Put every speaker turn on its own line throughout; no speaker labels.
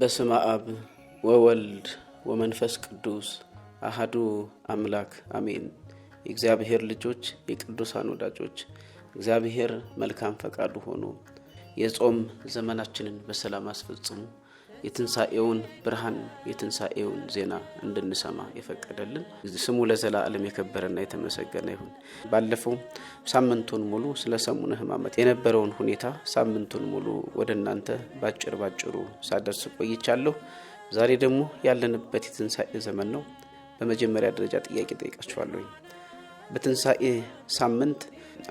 በስመ አብ ወወልድ ወመንፈስ ቅዱስ አህዱ አምላክ አሜን። የእግዚአብሔር ልጆች፣ የቅዱሳን ወዳጆች እግዚአብሔር መልካም ፈቃዱ ሆኖ የጾም ዘመናችንን በሰላም አስፈጽሙ። የትንሣኤውን ብርሃን የትንሣኤውን ዜና እንድንሰማ የፈቀደልን ስሙ ለዘላለም የከበረና የተመሰገነ ይሁን። ባለፈው ሳምንቱን ሙሉ ስለ ሰሙነ ሕማማት የነበረውን ሁኔታ ሳምንቱን ሙሉ ወደ እናንተ ባጭር ባጭሩ ሳደርስ ቆይቻለሁ። ዛሬ ደግሞ ያለንበት የትንሣኤ ዘመን ነው። በመጀመሪያ ደረጃ ጥያቄ ጠይቃችኋለሁኝ። በትንሣኤ ሳምንት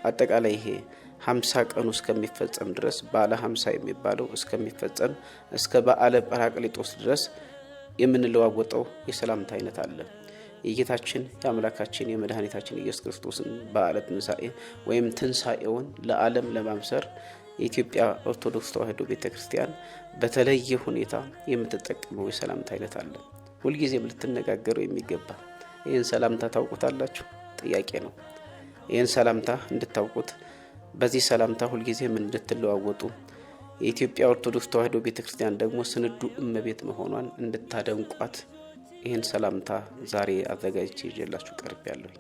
አጠቃላይ ይሄ ሀምሳ ቀኑ እስከሚፈጸም ድረስ በዓለ ሀምሳ የሚባለው እስከሚፈጸም እስከ በዓለ ጰራቅሊጦስ ድረስ የምንለዋወጠው የሰላምታ አይነት አለ። የጌታችን የአምላካችን የመድኃኒታችን ኢየሱስ ክርስቶስን በዓለ ትንሣኤ ወይም ትንሣኤውን ለዓለም ለማምሰር የኢትዮጵያ ኦርቶዶክስ ተዋሕዶ ቤተ ክርስቲያን በተለየ ሁኔታ የምትጠቀመው የሰላምታ አይነት አለ። ሁልጊዜም ልትነጋገረው የሚገባ ይህን ሰላምታ ታውቁታላችሁ? ጥያቄ ነው። ይህን ሰላምታ እንድታውቁት በዚህ ሰላምታ ሁልጊዜም እንድትለዋወጡ የኢትዮጵያ ኦርቶዶክስ ተዋሕዶ ቤተ ክርስቲያን ደግሞ ስንዱ እመቤት መሆኗን እንድታደንቋት ይህን ሰላምታ ዛሬ አዘጋጅቼ ይዤላችሁ ቀርቤ ያለሁኝ።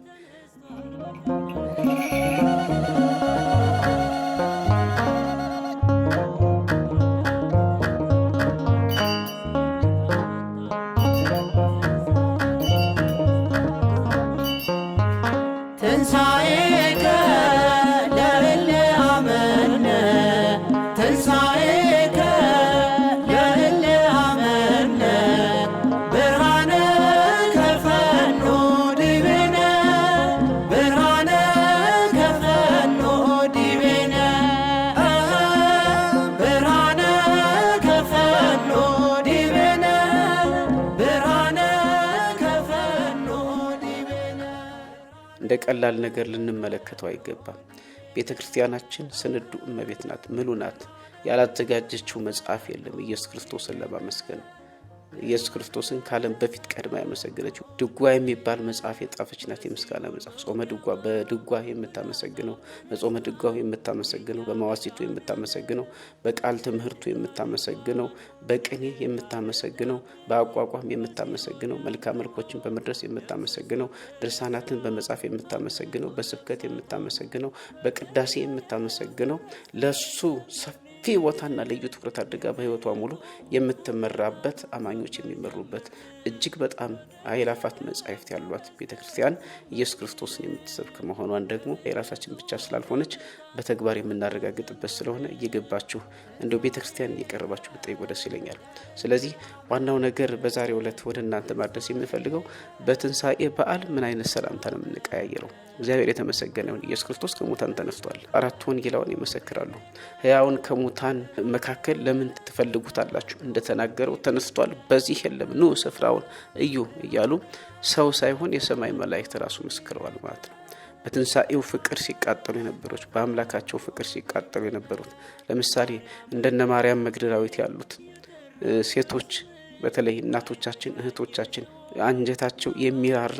እንደ ቀላል ነገር ልንመለከተው አይገባም። ቤተ ክርስቲያናችን ስንዱ እመቤት ናት፣ ምሉ ናት። ያላዘጋጀችው መጽሐፍ የለም። ኢየሱስ ክርስቶስን ለማመስገን ኢየሱስ ክርስቶስን ከዓለም በፊት ቀድማ ያመሰግነችው ድጓ የሚባል መጽሐፍ የጻፈች ናት። የምስጋና መጽሐፍ ጾመ ድጓ፣ በድጓ የምታመሰግነው፣ በጾመ ድጓው የምታመሰግነው፣ በማዋሲቱ የምታመሰግነው፣ በቃል ትምህርቱ የምታመሰግነው፣ በቅኔ የምታመሰግነው፣ በአቋቋም የምታመሰግነው፣ መልካ መልኮችን በመድረስ የምታመሰግነው፣ ድርሳናትን በመጻፍ የምታመሰግነው፣ በስብከት የምታመሰግነው፣ በቅዳሴ የምታመሰግነው ለሱ ቦታና ልዩ ትኩረት አድርጋ በህይወቷ ሙሉ የምትመራበት አማኞች የሚመሩበት እጅግ በጣም አይላፋት መጻሕፍት ያሏት ቤተ ክርስቲያን ኢየሱስ ክርስቶስን የምትሰብክ መሆኗን ደግሞ የራሳችን ብቻ ስላልሆነች በተግባር የምናረጋግጥበት ስለሆነ እየገባችሁ እንደ ቤተ ክርስቲያን እየቀረባችሁ ብጠይቁ ደስ ይለኛል። ስለዚህ ዋናው ነገር በዛሬ ዕለት ወደ እናንተ ማድረስ የምፈልገው በትንሣኤ በዓል ምን አይነት ሰላምታ ነው የምንቀያየረው? እግዚአብሔር የተመሰገነ ይሁን። ኢየሱስ ክርስቶስ ከሙታን ተነስቷል። አራት ወንጌላውያን ይመሰክራሉ። ሕያውን ከሙታን መካከል ለምን ትፈልጉታላችሁ? እንደተናገረው ተነስቷል፣ በዚህ የለም ኑ ስፍራ ስራውን እዩ እያሉ ሰው ሳይሆን የሰማይ መላእክት ራሱ መስክረዋል ማለት ነው። በትንሣኤው ፍቅር ሲቃጠሉ የነበሩት በአምላካቸው ፍቅር ሲቃጠሉ የነበሩት ለምሳሌ እንደነ ማርያም መግደላዊት ያሉት ሴቶች በተለይ እናቶቻችን፣ እህቶቻችን አንጀታቸው የሚራራ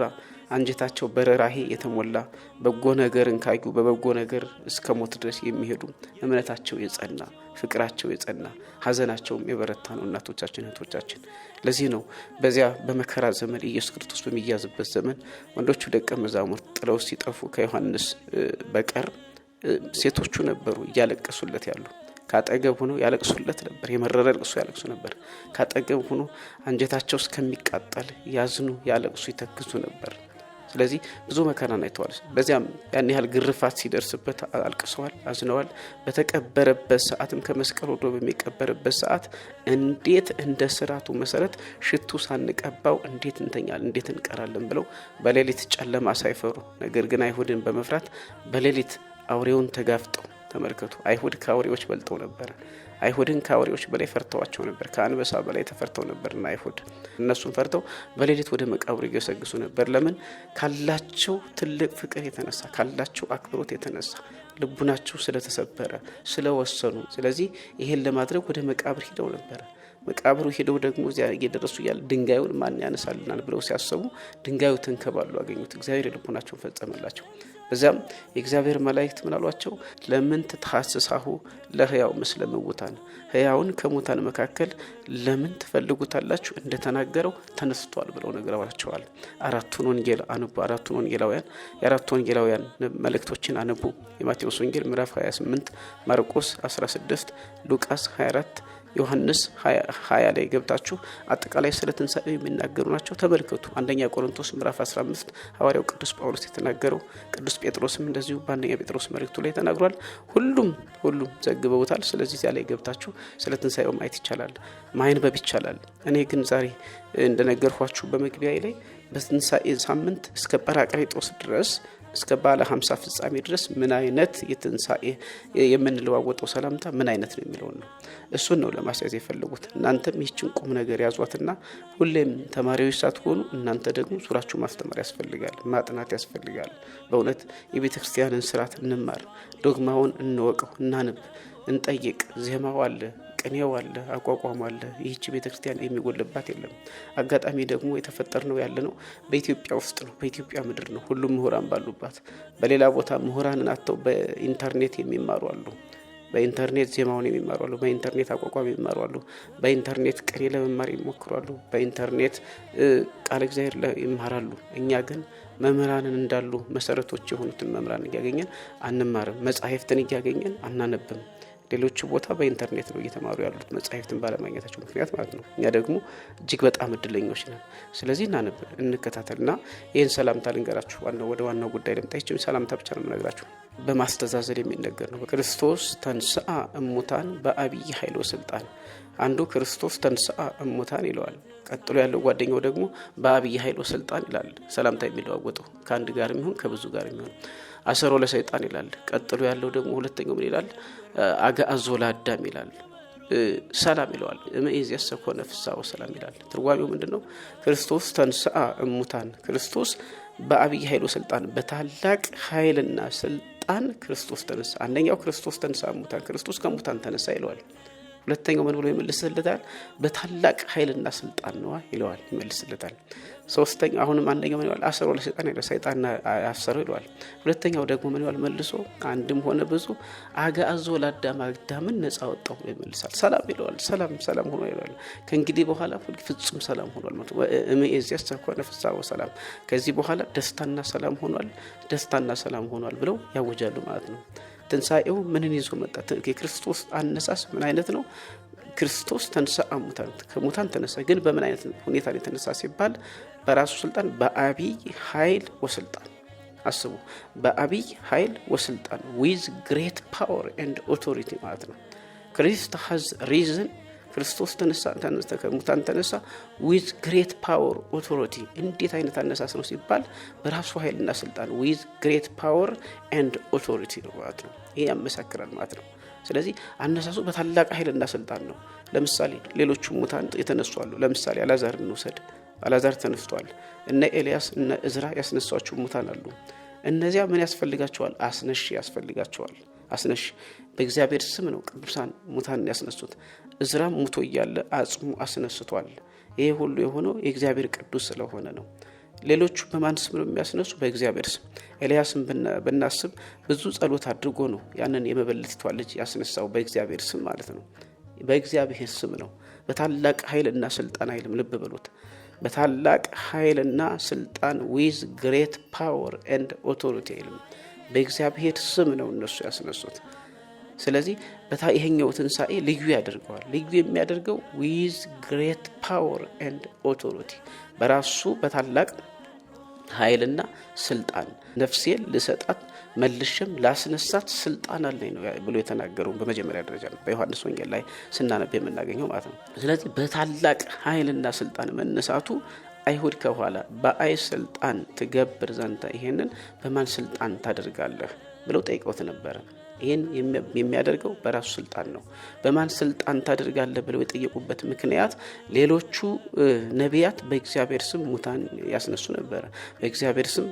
አንጀታቸው በረራሄ የተሞላ በጎ ነገርን ካዩ በበጎ ነገር እስከ ሞት ድረስ የሚሄዱ እምነታቸው የጸና ፍቅራቸው የጸና ሀዘናቸውም የበረታ ነው እናቶቻችን እህቶቻችን። ለዚህ ነው በዚያ በመከራ ዘመን ኢየሱስ ክርስቶስ በሚያዝበት ዘመን ወንዶቹ ደቀ መዛሙርት ጥለው ሲጠፉ ከዮሐንስ በቀር ሴቶቹ ነበሩ እያለቀሱለት ያሉ ካጠገብ ሆኖ ያለቅሱለት ነበር። የመረረ ልቅሶ ያለቅሱ ነበር። ካጠገብ ሆኖ አንጀታቸው እስከሚቃጠል ያዝኑ፣ ያለቅሱ፣ ይተክዙ ነበር። ስለዚህ ብዙ መከራን አይተዋል። በዚያም ያን ያህል ግርፋት ሲደርስበት አልቅሰዋል፣ አዝነዋል። በተቀበረበት ሰዓትም ከመስቀል ወዶ በሚቀበርበት ሰዓት እንዴት እንደ ስርዓቱ መሰረት ሽቱ ሳንቀባው እንዴት እንተኛል እንዴት እንቀራለን ብለው በሌሊት ጨለማ ሳይፈሩ ነገር ግን አይሁድን በመፍራት በሌሊት አውሬውን ተጋፍጠው ተመልከቱ። አይሁድ ከአውሬዎች በልጠው ነበረ። አይሁድን ከአውሬዎች በላይ ፈርተዋቸው ነበር። ከአንበሳ በላይ ተፈርተው ነበርና አይሁድ እነሱን ፈርተው በሌሊት ወደ መቃብር እየሰግሱ ነበር። ለምን? ካላቸው ትልቅ ፍቅር የተነሳ ካላቸው አክብሮት የተነሳ ልቡናቸው ስለተሰበረ ስለወሰኑ፣ ስለዚህ ይሄን ለማድረግ ወደ መቃብር ሂደው ነበረ። መቃብሩ ሄደው ደግሞ እዚያ እየደረሱ እያለ ድንጋዩን ማን ያነሳልናል ብለው ሲያስቡ ድንጋዩ ተንከባሉ አገኙት። እግዚአብሔር የልቡናቸውን ፈጸመላቸው። በዚያም የእግዚአብሔር መላእክት ምናሏቸው ለምን ትትሐስሳሁ ለህያው ምስለ ምውታን ህያውን ከሙታን መካከል ለምን ትፈልጉታላችሁ እንደተናገረው ተነስቷል ብለው ነግረዋቸዋል። አራቱን ወንጌል አንቡ። አራቱን ወንጌላውያን የአራቱ ወንጌላውያን መልእክቶችን አንቡ። የማቴዎስ ወንጌል ምዕራፍ 28፣ ማርቆስ 16፣ ሉቃስ 24 ዮሐንስ 20 ላይ ገብታችሁ አጠቃላይ ስለ ትንሣኤው የሚናገሩ ናቸው። ተመልከቱ። አንደኛ ቆሮንቶስ ምዕራፍ 15 ሐዋርያው ቅዱስ ጳውሎስ የተናገረው፣ ቅዱስ ጴጥሮስም እንደዚሁ በአንደኛ ጴጥሮስ መልእክቱ ላይ ተናግሯል። ሁሉም ሁሉም ዘግበውታል። ስለዚህ እዚያ ላይ ገብታችሁ ስለ ትንሣኤው ማየት ይቻላል፣ ማይንበብ ይቻላል። እኔ ግን ዛሬ እንደነገርኳችሁ በመግቢያ ላይ በትንሣኤ ሳምንት እስከ ጰራቅሊጦስ ድረስ እስከ ባለ ሀምሳ ፍጻሜ ድረስ ምን አይነት የትንሳኤ የምንለዋወጠው ሰላምታ ምን አይነት ነው የሚለውን ነው። እሱን ነው ለማስያዝ የፈለጉት። እናንተም ይህችን ቁም ነገር ያዟትና ሁሌም ተማሪዎች ሳትሆኑ እናንተ ደግሞ ሱራችሁ ማስተማር ያስፈልጋል፣ ማጥናት ያስፈልጋል። በእውነት የቤተ ክርስቲያንን ስርዓት እንማር፣ ዶግማውን እንወቀው፣ እናንብ፣ እንጠይቅ። ዜማው አለ ቅኔው አለ፣ አቋቋም አለ። ይህች ቤተክርስቲያን የሚጎልባት የለም። አጋጣሚ ደግሞ የተፈጠር ነው ያለ ነው በኢትዮጵያ ውስጥ ነው፣ በኢትዮጵያ ምድር ነው፣ ሁሉም ምሁራን ባሉባት። በሌላ ቦታ ምሁራንን አጥተው በኢንተርኔት የሚማሩ አሉ። በኢንተርኔት ዜማውን የሚማሩ አሉ። በኢንተርኔት አቋቋም የሚማሩ አሉ። በኢንተርኔት ቅኔ ለመማር ይሞክራሉ። በኢንተርኔት ቃለ እግዚአብሔር ይማራሉ። እኛ ግን መምህራንን እንዳሉ መሰረቶች የሆኑትን መምህራን እያገኘን አንማርም። መጽሐፍትን እያገኘን አናነብም። ሌሎች ቦታ በኢንተርኔት ነው እየተማሩ ያሉት መጽሐፍትን ባለማግኘታቸው ምክንያት ማለት ነው። እኛ ደግሞ እጅግ በጣም እድለኞች ነን። ስለዚህ እናንብ፣ ና ይህን ሰላምታ ልንገራችሁ። ዋናው ወደ ዋናው ጉዳይ ልምጣ። ይችም ሰላምታ ብቻ ነው የምነግራችሁ። በማስተዛዘል የሚነገር ነው። ክርስቶስ ተንስአ እሙታን በአብይ ኃይሎ ስልጣን አንዱ ክርስቶስ ተንስአ እሙታን ይለዋል። ቀጥሎ ያለው ጓደኛው ደግሞ በአብይ ኃይሎ ስልጣን ይላል። ሰላምታ የሚለዋወጡ ከአንድ ጋር የሚሆን ከብዙ ጋር የሚሆን አሰሮ ለሰይጣን ይላል። ቀጥሎ ያለው ደግሞ ሁለተኛው ምን ይላል? አገአዞ ለአዳም ይላል። ሰላም ይለዋል። እምይእዜሰ ያሰኮ ነፍሳ ወሰላም ይላል። ትርጓሚው ምንድን ነው? ክርስቶስ ተንስአ እሙታን፣ ክርስቶስ በአብይ ኃይሉ ስልጣን፣ በታላቅ ኃይልና ስልጣን ክርስቶስ ተነሳ። አንደኛው ክርስቶስ ተንስአ እሙታን፣ ክርስቶስ ከሙታን ተነሳ ይለዋል። ሁለተኛው ምን ብሎ ይመልስለታል? በታላቅ ኃይልና ስልጣን ነዋ ይለዋል፣ ይመልስለታል። ሶስተኛ አሁንም አንደኛው ምን ይዋል አስሮ ለሰይጣን ይለዋል፣ ሰይጣን አሰረው ይለዋል። ሁለተኛው ደግሞ ምን ይዋል መልሶ አንድም ሆነ ብዙ አግዓዞ ለአዳም አዳምን ነጻ ወጣሁ ብሎ ይመልሳል። ሰላም ይለዋል፣ ሰላም ሰላም ሆኖ ይለዋል። ከእንግዲህ በኋላ ፍጹም ሰላም ሆኗል ማለት እምይእዜሰ ኮነ ፍስሐ ወሰላም፣ ከዚህ በኋላ ደስታና ሰላም ሆኗል፣ ደስታና ሰላም ሆኗል ብለው ያወጃሉ ማለት ነው። ትንሣኤው ምንን ይዞ መጣ? የክርስቶስ አነሳስ ምን አይነት ነው? ክርስቶስ ተንሳ ሙታን ከሙታን ተነሳ። ግን በምን አይነት ሁኔታ ላይ ተነሳ ሲባል በራሱ ስልጣን በአብይ ኃይል ወስልጣን አስቡ፣ በአብይ ኃይል ወስልጣን ዊዝ ግሬት ፓወር ኤንድ ኦቶሪቲ ማለት ነው። ክሪስት ሀዝ ሪዝን ክርስቶስ ተነሳ ተነስተ ከሙታን ተነሳ ዊዝ ግሬት ፓወር ኦቶሪቲ። እንዴት አይነት አነሳስ ነው ሲባል በራሱ ኃይልና ስልጣን ዊዝ ግሬት ፓወር ኤንድ ኦቶሪቲ ነው ማለት ነው። ይሄ ያመሳክራል ማለት ነው። ስለዚህ አነሳሱ በታላቅ ኃይልና ስልጣን ነው። ለምሳሌ ሌሎቹ ሙታን የተነሱ አሉ። ለምሳሌ አላዛር እንውሰድ። አላዛር ተነስቷል። እነ ኤልያስ እነ እዝራ ያስነሷቸው ሙታን አሉ። እነዚያ ምን ያስፈልጋቸዋል? አስነሽ ያስፈልጋቸዋል። አስነሽ በእግዚአብሔር ስም ነው ቅዱሳን ሙታንን ያስነሱት። እዝራም ሙቶ እያለ አጽሙ አስነስቷል። ይሄ ሁሉ የሆነው የእግዚአብሔር ቅዱስ ስለሆነ ነው። ሌሎቹ በማን ስም ነው የሚያስነሱ? በእግዚአብሔር ስም። ኤልያስን ብናስብ ብዙ ጸሎት አድርጎ ነው ያንን የመበለቲቷ ልጅ ያስነሳው በእግዚአብሔር ስም ማለት ነው። በእግዚአብሔር ስም ነው። በታላቅ ኃይልና ስልጣን አይልም። ልብ በሉት። በታላቅ ኃይልና ስልጣን ዊዝ ግሬት ፓወር ኤንድ ኦቶሪቲ ይልም በእግዚአብሔር ስም ነው እነሱ ያስነሱት። ስለዚህ በታ ይሄኛው ትንሣኤ ልዩ ያደርገዋል። ልዩ የሚያደርገው ዊዝ ግሬት ፓወር ኤንድ ኦቶሪቲ በራሱ በታላቅ ኃይልና ስልጣን ነፍሴን ልሰጣት መልሽም ላስነሳት ስልጣን አለኝ ነው ብሎ የተናገረውን በመጀመሪያ ደረጃ በዮሐንስ ወንጌል ላይ ስናነብ የምናገኘው ማለት ነው። ስለዚህ በታላቅ ኃይልና ስልጣን መነሳቱ አይሁድ ከኋላ በአይ ስልጣን ትገብር ዘንተ ይሄንን በማን ስልጣን ታደርጋለህ ብለው ጠይቀውት ነበረ። ይህን የሚያደርገው በራሱ ስልጣን ነው። በማን ስልጣን ታደርጋለህ ብለው የጠየቁበት ምክንያት ሌሎቹ ነቢያት በእግዚአብሔር ስም ሙታን ያስነሱ ነበረ፣ በእግዚአብሔር ስም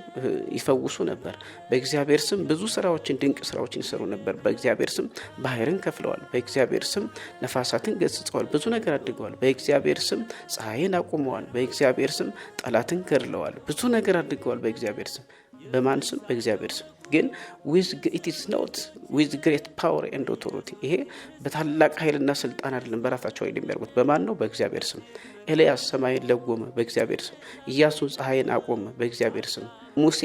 ይፈውሱ ነበር፣ በእግዚአብሔር ስም ብዙ ስራዎችን ድንቅ ስራዎችን ይሰሩ ነበር፣ በእግዚአብሔር ስም ባህርን ከፍለዋል፣ በእግዚአብሔር ስም ነፋሳትን ገስጸዋል፣ ብዙ ነገር አድርገዋል፣ በእግዚአብሔር ስም ፀሐይን አቁመዋል፣ በእግዚአብሔር ስም ጠላትን ገድለዋል፣ ብዙ ነገር አድርገዋል። በእግዚአብሔር ስም በማን ስም? በእግዚአብሔር ስም ግን ኢትስ ኖት ዊዝ ግሬት ፓወር ኤንድ ኦቶሪቲ። ይሄ በታላቅ ኃይልና ስልጣን አይደለም በራሳቸው ኃይል የሚያርጉት በማን ነው? በእግዚአብሔር ስም። ኤልያስ ሰማይን ለጎመ፣ በእግዚአብሔር ስም። እያሱ ፀሐይን አቆመ፣ በእግዚአብሔር ስም። ሙሴ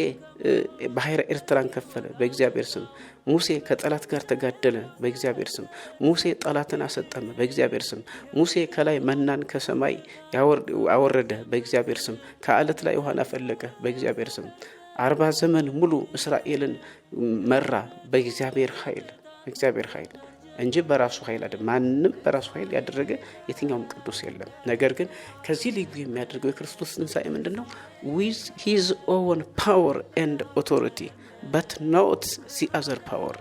ባህረ ኤርትራን ከፈለ፣ በእግዚአብሔር ስም። ሙሴ ከጠላት ጋር ተጋደለ፣ በእግዚአብሔር ስም። ሙሴ ጠላትን አሰጠመ፣ በእግዚአብሔር ስም። ሙሴ ከላይ መናን ከሰማይ አወረደ፣ በእግዚአብሔር ስም። ከአለት ላይ ውሃን አፈለቀ፣ በእግዚአብሔር ስም። አርባ ዘመን ሙሉ እስራኤልን መራ በእግዚአብሔር ኃይል እግዚአብሔር ኃይል እንጂ በራሱ ኃይል አይደለም። ማንም በራሱ ኃይል ያደረገ የትኛውም ቅዱስ የለም። ነገር ግን ከዚህ ልዩ የሚያደርገው የክርስቶስ ትንሣኤ ምንድን ነው? ዊዝ ሂዝ ኦውን ፓወር ኤንድ ኦቶሪቲ በት ኖት ዚ አዘር ፓወር።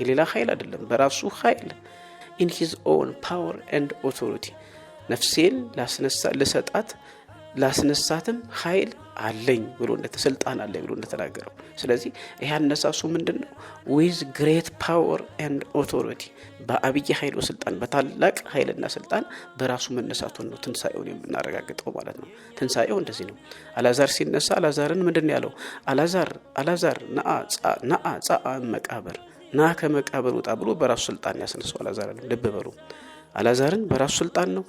የሌላ ኃይል አይደለም፣ በራሱ ኃይል ኢን ሂዝ ኦውን ፓወር ኤንድ ኦቶሪቲ ነፍሴን ልሰጣት ላስነሳትም ኃይል አለኝ ብሎ ስልጣን አለኝ ብሎ እንደተናገረው። ስለዚህ ይህ አነሳሱ ምንድን ነው? ዊዝ ግሬት ፓወር ኤንድ ኦቶሪቲ በአብይ ኃይል ስልጣን በታላቅ ኃይልና ስልጣን በራሱ መነሳቱን ነው ትንሳኤውን የምናረጋግጠው ማለት ነው። ትንሳኤው እንደዚህ ነው። አላዛር ሲነሳ አላዛርን ምንድን ያለው? አላዛር አላዛር ነአ ጻአ መቃብር ና ከመቃብር ውጣ ብሎ በራሱ ስልጣን ያስነሳው አላዛርን። ልብ በሉ አላዛርን በራሱ ስልጣን ነው።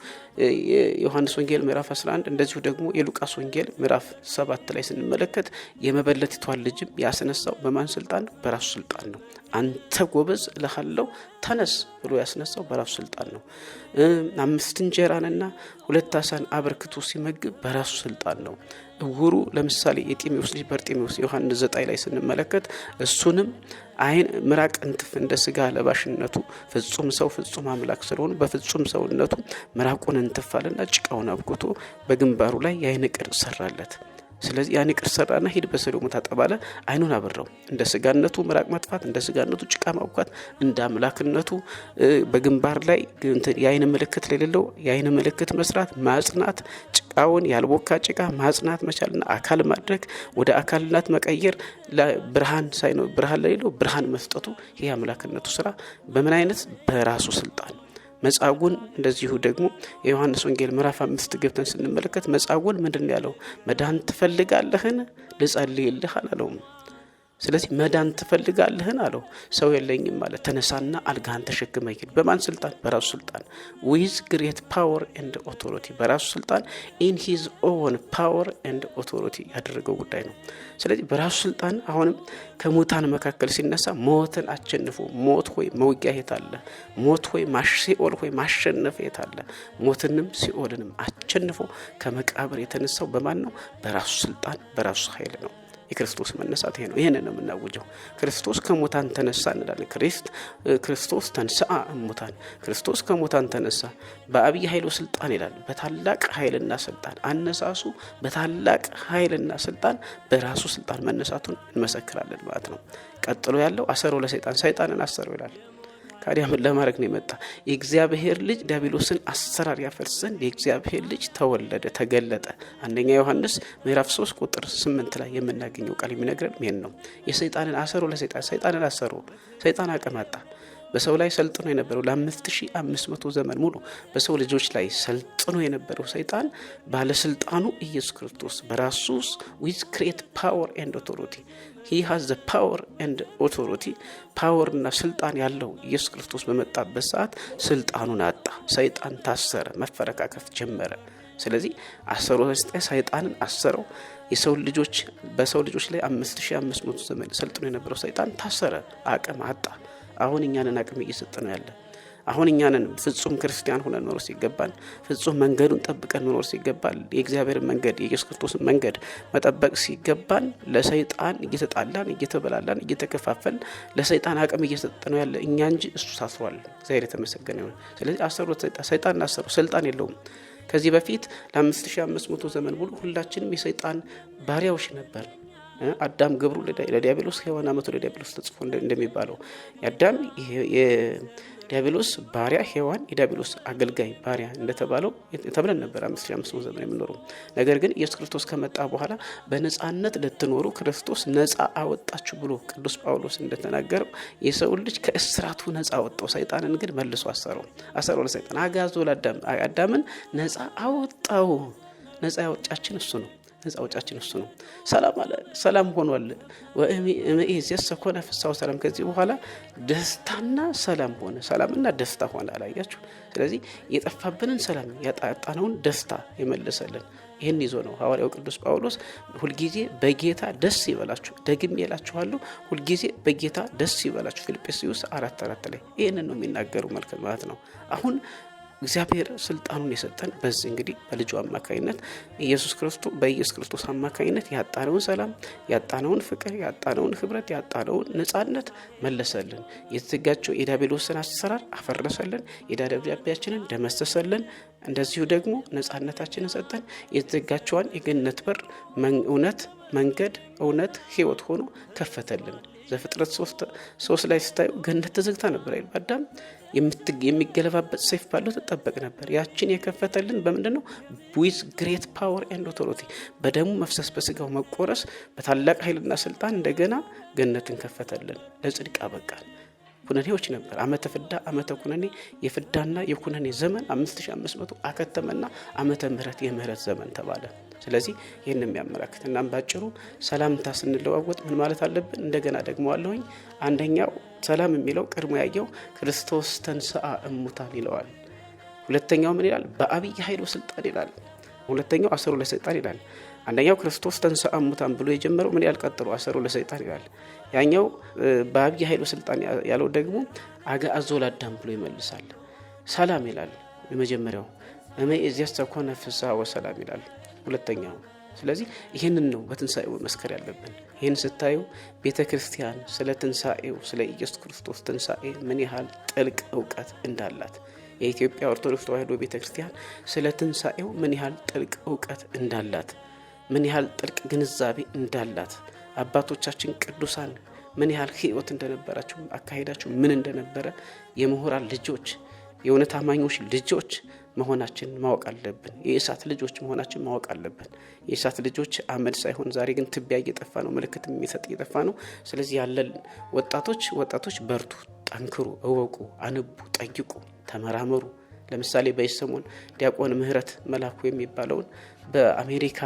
የዮሐንስ ወንጌል ምዕራፍ 11 እንደዚሁ ደግሞ የሉቃስ ወንጌል ምዕራፍ 7 ላይ ስንመለከት የመበለቲቷን ልጅም ያስነሳው በማን ስልጣን በራሱ ስልጣን ነው። አንተ ጎበዝ እልሃለሁ ተነስ ብሎ ያስነሳው በራሱ ስልጣን ነው። አምስት እንጀራንና ሁለት አሳን አበርክቶ ሲመግብ በራሱ ስልጣን ነው። እውሩ ለምሳሌ የጢሜዎስ ልጅ በርጢሜዎስ ዮሐንስ ዘጠኝ ላይ ስንመለከት እሱንም አይን ምራቅ እንትፍ እንደ ስጋ ለባሽነቱ ፍጹም ሰው ፍጹም አምላክ ስለሆኑ በፍጹም ሰውነቱ ምራቁን እንትፋልና ጭቃውን አብኩቶ በግንባሩ ላይ የአይን ቅርጽ ሰራለት። ስለዚህ ያን ቅርስ ሰራና ሂድ በሰዶም ታጠባለ። አይኑን አበራው። እንደ ስጋነቱ ምራቅ መጥፋት እንደ ስጋነቱ ጭቃ ማብኳት፣ እንደ አምላክነቱ በግንባር ላይ የአይን ምልክት ለሌለው የአይን ምልክት መስራት፣ ማጽናት፣ ጭቃውን ያልቦካ ጭቃ ማጽናት መቻልና አካል ማድረግ፣ ወደ አካልናት መቀየር፣ ብርሃን ሳይኖር ብርሃን ለሌለው ብርሃን መስጠቱ ይህ አምላክነቱ ስራ በምን አይነት በራሱ ስልጣን መጻጉን እንደዚሁ ደግሞ የዮሐንስ ወንጌል ምዕራፍ አምስት ገብተን ስንመለከት መጻጉን ምንድን ያለው መድኃኒት ትፈልጋለህን ልጸልይልህ አላለውም። ስለዚህ መዳን ትፈልጋለህን? አለው። ሰው የለኝም ማለት ተነሳና አልጋህን ተሸክመ ይሄድ በማን ስልጣን? በራሱ ስልጣን። ዊዝ ግሬት ፓወር ንድ ኦቶሪቲ፣ በራሱ ስልጣን ኢን ሂዝ ኦን ፓወር ንድ ኦቶሪቲ ያደረገው ጉዳይ ነው። ስለዚህ በራሱ ስልጣን አሁንም ከሙታን መካከል ሲነሳ ሞትን አቸንፎ ሞት ሆይ መውጊያ የታለ? ሞት ሆይ ሲኦል ሆይ ማሸነፍ የታለ? ሞትንም ሲኦልንም አቸንፎ ከመቃብር የተነሳው በማን ነው? በራሱ ስልጣን በራሱ ኃይል ነው። የክርስቶስ መነሳት ይሄ ነው። ይህንን ነው የምናውጀው። ክርስቶስ ከሙታን ተነሳ እንላለን። ክርስቶስ ተንስአ እሙታን፣ ክርስቶስ ከሙታን ተነሳ በአብይ ኃይሉ ስልጣን ይላል። በታላቅ ኃይልና ስልጣን አነሳሱ፣ በታላቅ ኃይልና ስልጣን በራሱ ስልጣን መነሳቱን እንመሰክራለን ማለት ነው። ቀጥሎ ያለው አሰሮ ለሰይጣን ሰይጣንን አሰሩ ይላል። ታዲያ ምን ለማድረግ ነው የመጣ? የእግዚአብሔር ልጅ ዲያብሎስን አሰራር ያፈርስ የእግዚአብሔር ልጅ ተወለደ፣ ተገለጠ። አንደኛ ዮሐንስ ምዕራፍ 3 ቁጥር 8 ላይ የምናገኘው ቃል የሚነግረን ይህን ነው። የሰይጣንን አሰሩ ለሰይጣን ሰይጣንን አሰሩ፣ ሰይጣን አቀማጣ በሰው ላይ ሰልጥኖ የነበረው ለ5500 ዘመን ሙሉ በሰው ልጆች ላይ ሰልጥኖ የነበረው ሰይጣን ባለስልጣኑ ኢየሱስ ክርስቶስ በራሱ ዊዝ ክሬት ፓወር ኤንድ ኦቶሪቲ ሂ ሃዝ ዘ ፓወር ኤንድ ኦቶሪቲ ፓወርና ስልጣን ያለው ኢየሱስ ክርስቶስ በመጣበት ሰዓት ስልጣኑን አጣ። ሰይጣን ታሰረ፣ መፈረካከፍ ጀመረ። ስለዚህ አሰሮ ዘጠኝ ሰይጣንን አሰረው። የሰው ልጆች በሰው ልጆች ላይ 5500 ዘመን ሰልጥኖ የነበረው ሰይጣን ታሰረ፣ አቅም አጣ። አሁን እኛንን አቅም እየሰጠ ነው ያለ። አሁን እኛንን ፍጹም ክርስቲያን ሆነን መኖር ሲገባን፣ ፍጹም መንገዱን ጠብቀን መኖር ሲገባል፣ የእግዚአብሔርን መንገድ የኢየሱስ ክርስቶስን መንገድ መጠበቅ ሲገባን፣ ለሰይጣን እየተጣላን፣ እየተበላላን፣ እየተከፋፈል ለሰይጣን አቅም እየሰጠ ነው ያለ እኛ እንጂ እሱ ታስሯል። እግዚአብሔር የተመሰገነ ይሆን ስለዚህ አሰሩት፣ ሰይጣን አሰሩ፣ ስልጣን የለውም። ከዚህ በፊት ለ5500 ዘመን ሙሉ ሁላችንም የሰይጣን ባሪያዎች ነበር። አዳም ግብሩ ለዲያብሎስ ሔዋን አመቱ ለዲያብሎስ ተጽፎ እንደሚባለው አዳም የዲያብሎስ ባሪያ ሔዋን የዲያብሎስ አገልጋይ ባሪያ እንደተባለው ተብለን ነበር አምስት ሺህ አምስት መቶ ዘመን የምኖሩ ነገር ግን ኢየሱስ ክርስቶስ ከመጣ በኋላ በነጻነት ልትኖሩ ክርስቶስ ነጻ አወጣችሁ ብሎ ቅዱስ ጳውሎስ እንደተናገረው የሰው ልጅ ከእስራቱ ነጻ አወጣው፣ ሰይጣንን ግን መልሶ አሰረው። አሰረው ለሰይጣን አጋዞ አዳምን ነጻ አወጣው። ነጻ ያወጫችን እሱ ነው። ነፃ አውጫችን እሱ ነው። ሰላም አለ ሰላም ሆኗል። እምይእዜሰ ኮነ ፍስሐ ወሰላም፣ ከዚህ በኋላ ደስታና ሰላም ሆነ፣ ሰላምና ደስታ ሆነ። አላያችሁ? ስለዚህ የጠፋብንን ሰላም ያጣጣነውን ደስታ የመለሰልን ይህን ይዞ ነው ሐዋርያው ቅዱስ ጳውሎስ ሁልጊዜ በጌታ ደስ ይበላችሁ፣ ደግሜ እላችኋለሁ ሁልጊዜ በጌታ ደስ ይበላችሁ፣ ፊልጵስዩስ አራት አራት ላይ ይህንን ነው የሚናገሩ መልክ ማለት ነው አሁን እግዚአብሔር ስልጣኑን የሰጠን በዚህ እንግዲህ በልጁ አማካኝነት ኢየሱስ ክርስቶስ በኢየሱስ ክርስቶስ አማካኝነት ያጣነውን ሰላም፣ ያጣነውን ፍቅር፣ ያጣነውን ህብረት፣ ያጣነውን ነጻነት መለሰልን። የተዘጋቸው የዲያብሎስን አሰራር አፈረሰልን፣ የደብዳቤያችንን ደመሰሰልን። እንደዚሁ ደግሞ ነጻነታችንን ሰጠን። የተዘጋቸዋን የገነት በር እውነት መንገድ እውነት ህይወት ሆኖ ከፈተልን። ዘፍጥረት ሶስት ላይ ስታዩ ገነት ተዘግታ ነበር አይል አዳም የሚገለባበት ሰይፍ ባለው ተጠበቅ ነበር። ያችን የከፈተልን በምንድን ነው? ዊዝ ግሬት ፓወር ኤንድ ኦቶሮቲ፣ በደሙ መፍሰስ በስጋው መቆረስ በታላቅ ኃይልና ስልጣን እንደገና ገነትን ከፈተልን። ለጽድቅ አበቃል። ኩነኔዎች ነበር። አመተ ፍዳ፣ ዓመተ ኩነኔ፣ የፍዳና የኩነኔ ዘመን 5500 አከተመና ዓመተ ምህረት የምህረት ዘመን ተባለ። ስለዚህ ይህን የሚያመላክት እናም ባጭሩ ሰላምታ ስንለዋወጥ ምን ማለት አለብን? እንደገና ደግሞ አለሁኝ። አንደኛው ሰላም የሚለው ቅድሞ ያየው ክርስቶስ ተንስአ እሙታን ይለዋል። ሁለተኛው ምን ይላል? በአብይ ኃይሉ ስልጣን ይላል። ሁለተኛው አሰሩ ለሰይጣን ይላል። አንደኛው ክርስቶስ ተንሥአ እሙታን ብሎ የጀመረው ምን ያል ቀጥሎ አሰሩ ለሰይጣን ይላል። ያኛው በአብይ ኃይሉ ስልጣን ያለው ደግሞ አግዓዞ ለአዳም ብሎ ይመልሳል። ሰላም ይላል የመጀመሪያው እመ እዚያስ ተኮነ ፍስሐ ወሰላም ይላል። ሁለተኛው ስለዚህ ይህንን ነው በትንሣኤው መስከር ያለብን። ይህን ስታዩ ቤተ ክርስቲያን ስለ ትንሣኤው ስለ ኢየሱስ ክርስቶስ ትንሣኤ ምን ያህል ጥልቅ እውቀት እንዳላት የኢትዮጵያ ኦርቶዶክስ ተዋህዶ ቤተ ክርስቲያን ስለ ትንሣኤው ምን ያህል ጥልቅ እውቀት እንዳላት ምን ያህል ጥልቅ ግንዛቤ እንዳላት አባቶቻችን ቅዱሳን ምን ያህል ህይወት እንደነበራቸው አካሄዳቸው ምን እንደነበረ የምሁራን ልጆች የእውነት አማኞች ልጆች መሆናችን ማወቅ አለብን። የእሳት ልጆች መሆናችን ማወቅ አለብን። የእሳት ልጆች አመድ ሳይሆን ዛሬ ግን ትቢያ እየጠፋ ነው፣ ምልክት የሚሰጥ እየጠፋ ነው። ስለዚህ ያለን ወጣቶች ወጣቶች በርቱ፣ ጠንክሩ፣ እወቁ፣ አንቡ፣ ጠይቁ፣ ተመራመሩ። ለምሳሌ በይሰሞን ዲያቆን ምህረት መላኩ የሚባለውን በአሜሪካ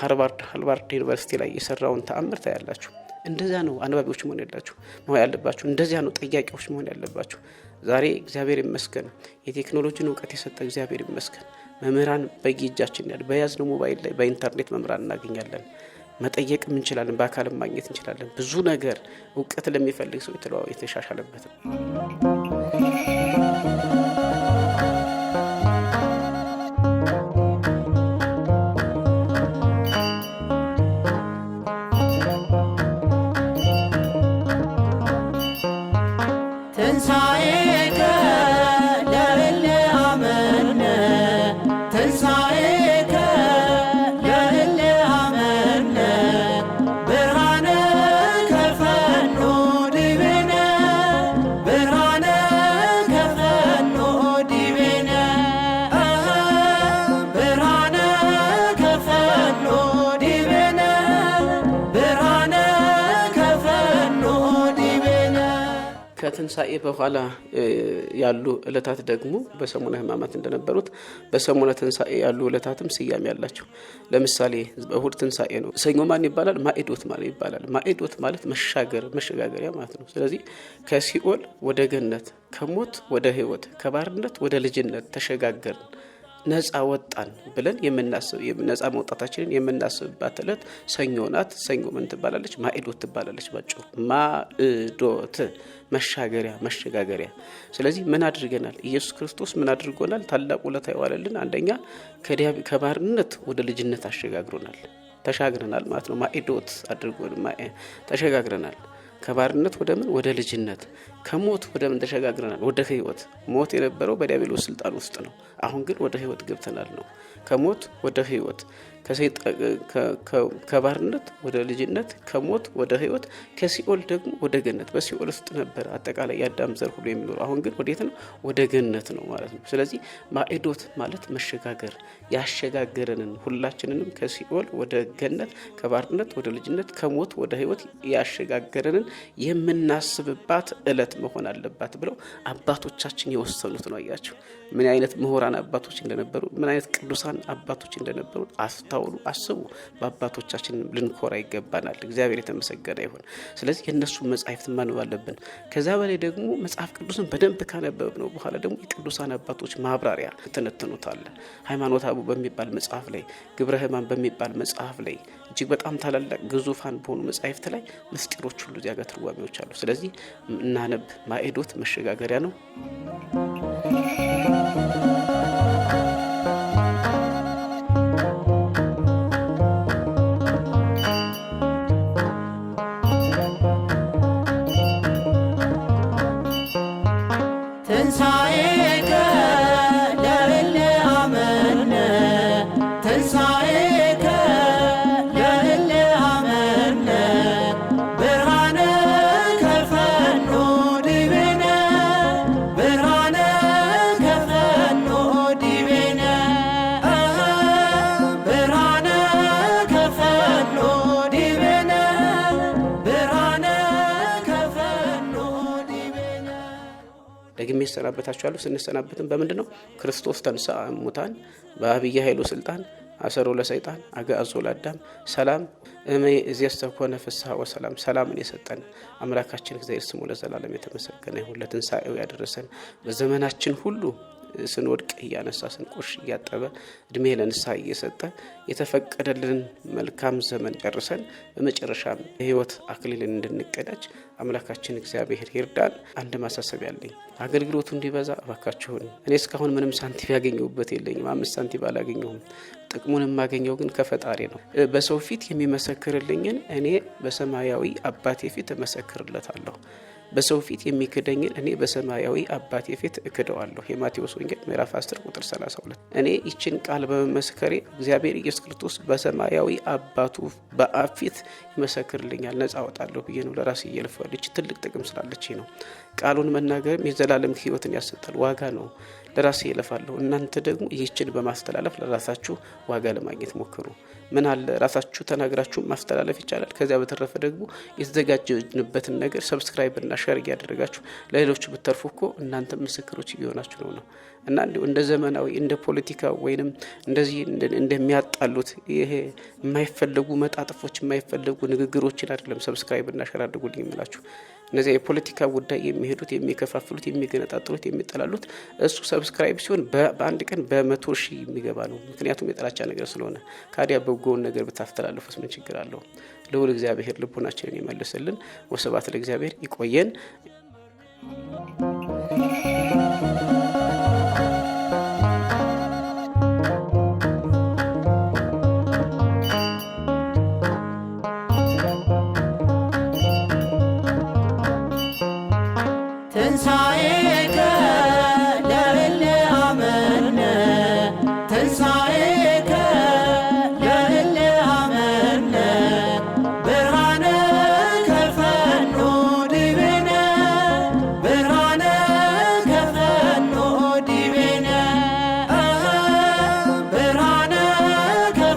ሃርቫርድ ሃርቫርድ ዩኒቨርሲቲ ላይ የሰራውን ተአምር ታያላችሁ። እንደዚያ ነው አንባቢዎች መሆን ያላችሁ መሆን ያለባችሁ። እንደዚያ ነው ጥያቄዎች መሆን ያለባችሁ። ዛሬ እግዚአብሔር ይመስገን የቴክኖሎጂን እውቀት የሰጠ እግዚአብሔር ይመስገን። መምህራን በእጃችን ያለ ነው ሞባይል ላይ በኢንተርኔት መምህራን እናገኛለን። መጠየቅም እንችላለን፣ በአካልም ማግኘት እንችላለን። ብዙ ነገር እውቀት ለሚፈልግ ሰው የተሻሻለበት ነው። ከትንሣኤ በኋላ ያሉ እለታት ደግሞ በሰሙነ ህማማት እንደነበሩት በሰሙነ ትንሣኤ ያሉ እለታትም ስያሜ ያላቸው፣ ለምሳሌ እሁድ ትንሣኤ ነው። ሰኞ ማን ይባላል? ማዕዶት ማለት ይባላል። ማዕዶት ማለት መሻገር መሸጋገሪያ ማለት ነው። ስለዚህ ከሲኦል ወደ ገነት ከሞት ወደ ህይወት ከባርነት ወደ ልጅነት ተሸጋገርን። ነፃ ወጣን ብለን የምናስብ ነፃ መውጣታችንን የምናስብባት ዕለት ሰኞ ናት። ሰኞ ምን ትባላለች? ማዕዶት ትባላለች። ባጭ ማዕዶት መሻገሪያ፣ መሸጋገሪያ። ስለዚህ ምን አድርገናል? ኢየሱስ ክርስቶስ ምን አድርጎናል? ታላቅ ውለታ የዋለልን አንደኛ ከባርነት ወደ ልጅነት አሸጋግሮናል። ተሻግረናል ማለት ነው። ማዕዶት አድርጎ ተሸጋግረናል። ከባርነት ወደ ምን ወደ ልጅነት ከሞት ወደ ምን ተሸጋግረናል? ወደ ህይወት። ሞት የነበረው በዲያብሎስ ስልጣን ውስጥ ነው። አሁን ግን ወደ ህይወት ገብተናል ነው ከሞት ወደ ህይወት ከባርነት ወደ ልጅነት፣ ከሞት ወደ ህይወት ከሲኦል ደግሞ ወደ ገነት። በሲኦል ውስጥ ነበር አጠቃላይ የአዳም ዘር ሁሉ የሚኖሩ። አሁን ግን ወዴት ነው? ወደ ገነት ነው ማለት ነው። ስለዚህ ማዕዶት ማለት መሸጋገር፣ ያሸጋገረንን ሁላችንንም ከሲኦል ወደ ገነት፣ ከባርነት ወደ ልጅነት፣ ከሞት ወደ ህይወት ያሸጋገረንን የምናስብባት እለት መሆን አለባት ብለው አባቶቻችን የወሰኑት ነው። አያቸው ምን አይነት ምሁራን አባቶች እንደነበሩ፣ ምን አይነት ቅዱሳን አባቶች እንደነበሩ አስታ ስታውሉ አስቡ። በአባቶቻችን ልንኮራ ይገባናል። እግዚአብሔር የተመሰገነ ይሁን። ስለዚህ የእነሱ መጽሐፍት ማንበብ አለብን። ከዛ በላይ ደግሞ መጽሐፍ ቅዱስን በደንብ ካነበብ ነው በኋላ ደግሞ የቅዱሳን አባቶች ማብራሪያ ትንትኑታለ። ሃይማኖተ አበው በሚባል መጽሐፍ ላይ፣ ግብረ ሕማም በሚባል መጽሐፍ ላይ እጅግ በጣም ታላላቅ ግዙፋን በሆኑ መጽሐፍት ላይ ምስጢሮች ሁሉ እዚያ ጋር ትርጓሜዎች አሉ። ስለዚህ እናነብ። ማዕዶት መሸጋገሪያ ነው። እሰናበታችኋለሁ። ስንሰናበትም በምንድን ነው? ክርስቶስ ተንሳ ሙታን በአብይ ኃይሉ ስልጣን አሰሮ ለሰይጣን አጋዞ ለአዳም ሰላም እመ እዝየስተኮነ ፍስሐ ወሰላም። ሰላምን የሰጠን አምላካችን እግዚአብሔር ስሙ ለዘላለም የተመሰገነ ይሁን። ለትንሣኤው ያደረሰን በዘመናችን ሁሉ ስንወድቅ እያነሳ ስንቆሽ እያጠበ እድሜ ለንስሐ እየሰጠ የተፈቀደልን መልካም ዘመን ጨርሰን በመጨረሻም የሕይወት አክሊልን እንድንቀዳጅ አምላካችን እግዚአብሔር ይርዳን። አንድ ማሳሰብ ያለኝ አገልግሎቱ እንዲበዛ እባካችሁን። እኔ እስካሁን ምንም ሳንቲም ያገኘሁበት የለኝም፣ አምስት ሳንቲም አላገኘሁም። ጥቅሙን የማገኘው ግን ከፈጣሪ ነው። በሰው ፊት የሚመሰክርልኝን እኔ በሰማያዊ አባቴ ፊት እመሰክርለታለሁ። በሰው ፊት የሚክደኝን እኔ በሰማያዊ አባቴ ፊት እክደዋለሁ። የማቴዎስ ወንጌል ምዕራፍ 10 ቁጥር 32። እኔ ይችን ቃል በመመስከሬ እግዚአብሔር ኢየሱስ ክርስቶስ በሰማያዊ አባቱ በአብ ፊት ይመሰክርልኛል፣ ነጻ ወጣለሁ ብዬ ነው ለራሴ እየልፈዋለች። ትልቅ ጥቅም ስላለች ነው። ቃሉን መናገርም የዘላለም ህይወትን ያሰጣል። ዋጋ ነው። ለራሴ ይለፋለሁ። እናንተ ደግሞ ይህችን በማስተላለፍ ለራሳችሁ ዋጋ ለማግኘት ሞክሩ። ምን አለ ራሳችሁ ተናግራችሁ ማስተላለፍ ይቻላል። ከዚያ በተረፈ ደግሞ የተዘጋጀንበትን ነገር እና ሸር እያደረጋችሁ ለሌሎቹ ብተርፉ እኮ እናንተ ምስክሮች እየሆናችሁ ነው ነው እና እንደ ዘመናዊ እንደ ፖለቲካ ወይንም እንደዚህ እንደሚያጣሉት ይሄ የማይፈለጉ መጣጥፎች የማይፈለጉ ንግግሮችን አይደለም ሰብስክራይብ እና ሸር አድርጉልኝ የሚላችሁ እነዚያ የፖለቲካ ጉዳይ የሚሄዱት የሚከፋፍሉት የሚገነጣጥሉት የሚጠላሉት እሱ ሰብስክራይብ ሲሆን በአንድ ቀን በመቶ ሺህ የሚገባ ነው። ምክንያቱም የጥላቻ ነገር ስለሆነ ካዲያ በጎውን ነገር ብታስተላልፉስ ምን ችግር አለው? ልውል እግዚአብሔር ልቡናችንን ይመልስልን። ወስብሐት ለእግዚአብሔር። ይቆየን።